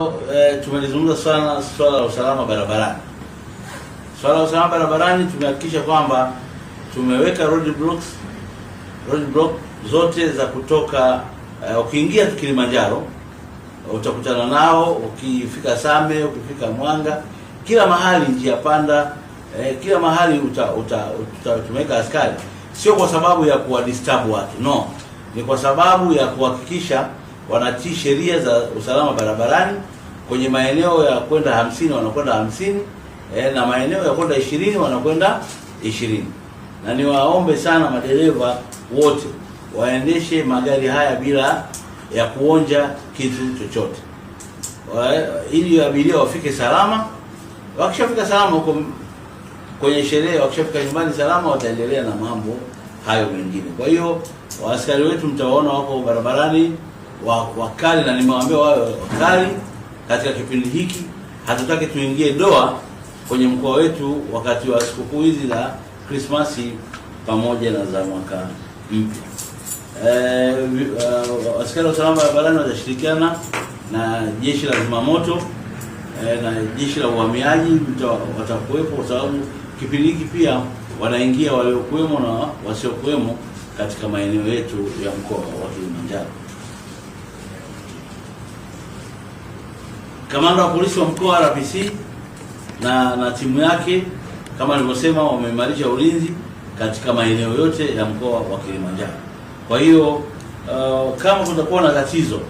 E, eh, tumelizungumza sana swala la usalama barabarani. Swala la usalama barabarani tumehakikisha kwamba tumeweka road blocks, road block zote za kutoka e, ukiingia tu Kilimanjaro utakutana nao, ukifika Same, ukifika Mwanga, kila mahali njia panda e, kila mahali uta, uta, uta, tumeweka askari, sio kwa sababu ya disturb watu, no, ni kwa sababu ya kuhakikisha wanatii sheria za usalama barabarani. Kwenye maeneo ya kwenda hamsini wanakwenda hamsini e, na maeneo ya kwenda ishirini wanakwenda ishirini. Na niwaombe sana madereva wote waendeshe magari haya bila ya kuonja kitu chochote ili abiria wafike salama. Wakishafika salama huko kwenye sherehe, wakishafika nyumbani salama, wataendelea na mambo hayo mengine. Kwa hiyo askari wetu mtawaona wako barabarani wakali, na nimewaambia wawe wakali katika kipindi hiki. Hatutaki tuingie doa kwenye mkoa wetu wakati wa sikukuu hizi za Krismasi pamoja na za mwaka mpya. Eh, eh, askari wa usalama barabarani watashirikiana na jeshi la zimamoto e, na jeshi la uhamiaji watakuwepo, kwa sababu kipindi hiki pia wanaingia waliokuwemo na wasiokuwemo katika maeneo yetu ya mkoa wa Kilimanjaro. Kamanda wa polisi wa mkoa RPC na na timu yake kama nilivyosema, wameimarisha ulinzi katika maeneo yote ya mkoa wa Kilimanjaro. Kwa hiyo uh, kama kutakuwa na tatizo,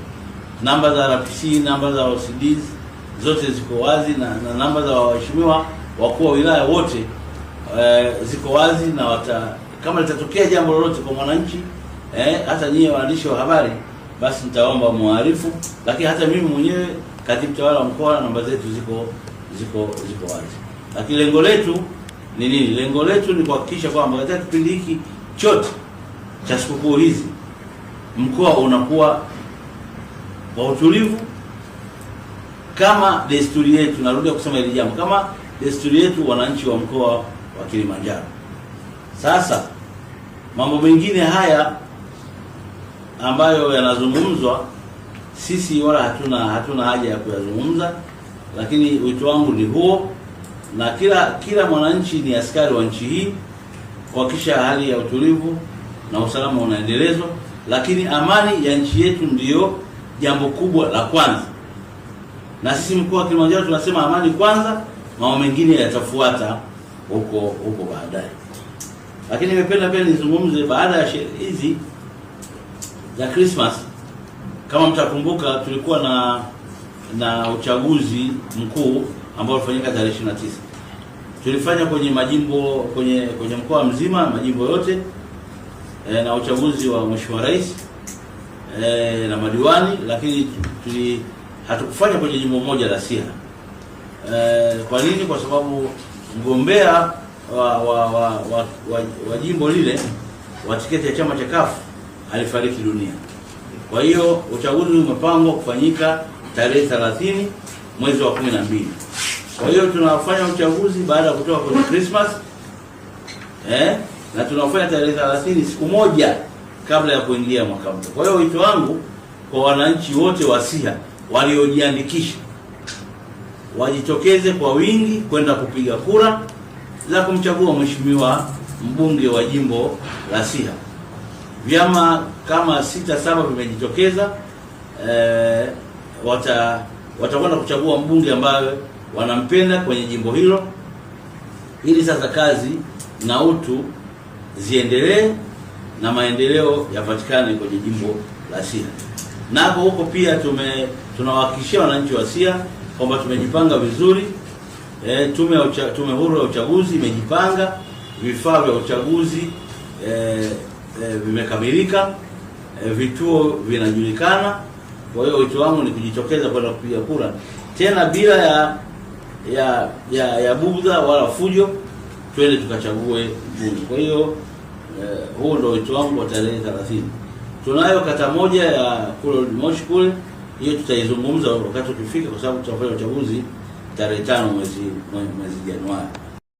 namba za RPC, namba za OCDs zote ziko wazi na, na namba za waheshimiwa wakuu wa wilaya wote uh, ziko wazi na wata, kama litatokea jambo lolote kwa mwananchi eh, hata nyie waandishi wa habari, basi nitaomba mwarifu lakini hata mimi mwenyewe katibu tawala wa mkoa, namba zetu ziko ziko ziko wazi. Lakini lengo letu ni nini? Lengo letu ni kuhakikisha kwamba katika kipindi hiki chote cha sikukuu hizi mkoa unakuwa kwa utulivu kama desturi yetu. Narudia kusema hili jambo, kama desturi yetu, wananchi wa mkoa wa Kilimanjaro. Sasa mambo mengine haya ambayo yanazungumzwa sisi wala hatuna hatuna haja ya kuyazungumza, lakini wito wangu ni huo, na kila kila mwananchi ni askari wa nchi hii kuhakikisha hali ya utulivu na usalama unaendelezwa, lakini amani ya nchi yetu ndiyo jambo kubwa la kwanza, na sisi mkoa wa Kilimanjaro tunasema amani kwanza, mambo mengine yatafuata huko huko baadaye. Lakini nimependa pia nizungumze baada ya sherehe hizi za Christmas kama mtakumbuka tulikuwa na na uchaguzi mkuu ambao ulifanyika tarehe 29. Tulifanya kwenye majimbo kwenye kwenye mkoa mzima majimbo yote e, na uchaguzi wa mheshimiwa rais e, na madiwani, lakini tuli hatukufanya kwenye jimbo moja la Siha. E, kwa nini? Kwa sababu mgombea wa wa, wa, wa, wa, wa jimbo lile wa tiketi ya chama cha CUF alifariki dunia. Kwa hiyo uchaguzi umepangwa kufanyika tarehe 30 mwezi wa 12. Kwa hiyo tunafanya uchaguzi baada ya kutoka kwenye Christmas eh, na tunafanya tarehe 30 siku moja kabla ya kuingia mwaka mpya. Kwa hiyo wito wangu kwa wananchi wote wa Siha waliojiandikisha wajitokeze kwa wingi kwenda kupiga kura za kumchagua mheshimiwa mbunge wa jimbo la Siha vyama kama sita saba vimejitokeza eh, wata watakwenda kuchagua mbunge ambaye wanampenda kwenye jimbo hilo, ili sasa kazi na utu ziendelee na maendeleo yapatikane kwenye jimbo la Siha. Nako huko pia tume tunawahakikishia wananchi wa Siha kwamba tumejipanga vizuri e, tume, tume huru ya uchaguzi imejipanga vifaa vya uchaguzi e, e, vimekamilika e, vituo vinajulikana. Kwa hiyo wito wangu ni kujitokeza kwenda kupiga kura tena bila ya ya ya, ya budha wala fujo, twende tukachague Bunge. Kwa hiyo e, huo ndio wito wangu wa tarehe 30. Tunayo kata moja ya kule Moshi kule, hiyo tutaizungumza wakati ukifika, kwa sababu tutafanya uchaguzi tarehe tano mwezi mwezi Januari.